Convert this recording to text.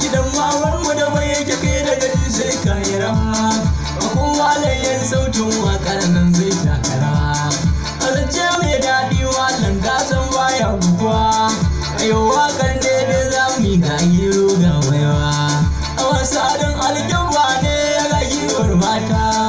gidan mawar mu da bai yake kai da gari sai ka rawa ba kowa layyan sautin wakar nan zai takara a zance mai daɗi wallan gasan baya bukuwa a yau wakar daidai za mu yi ga ga baiwa a wasa don alkyamba ne ya ga mata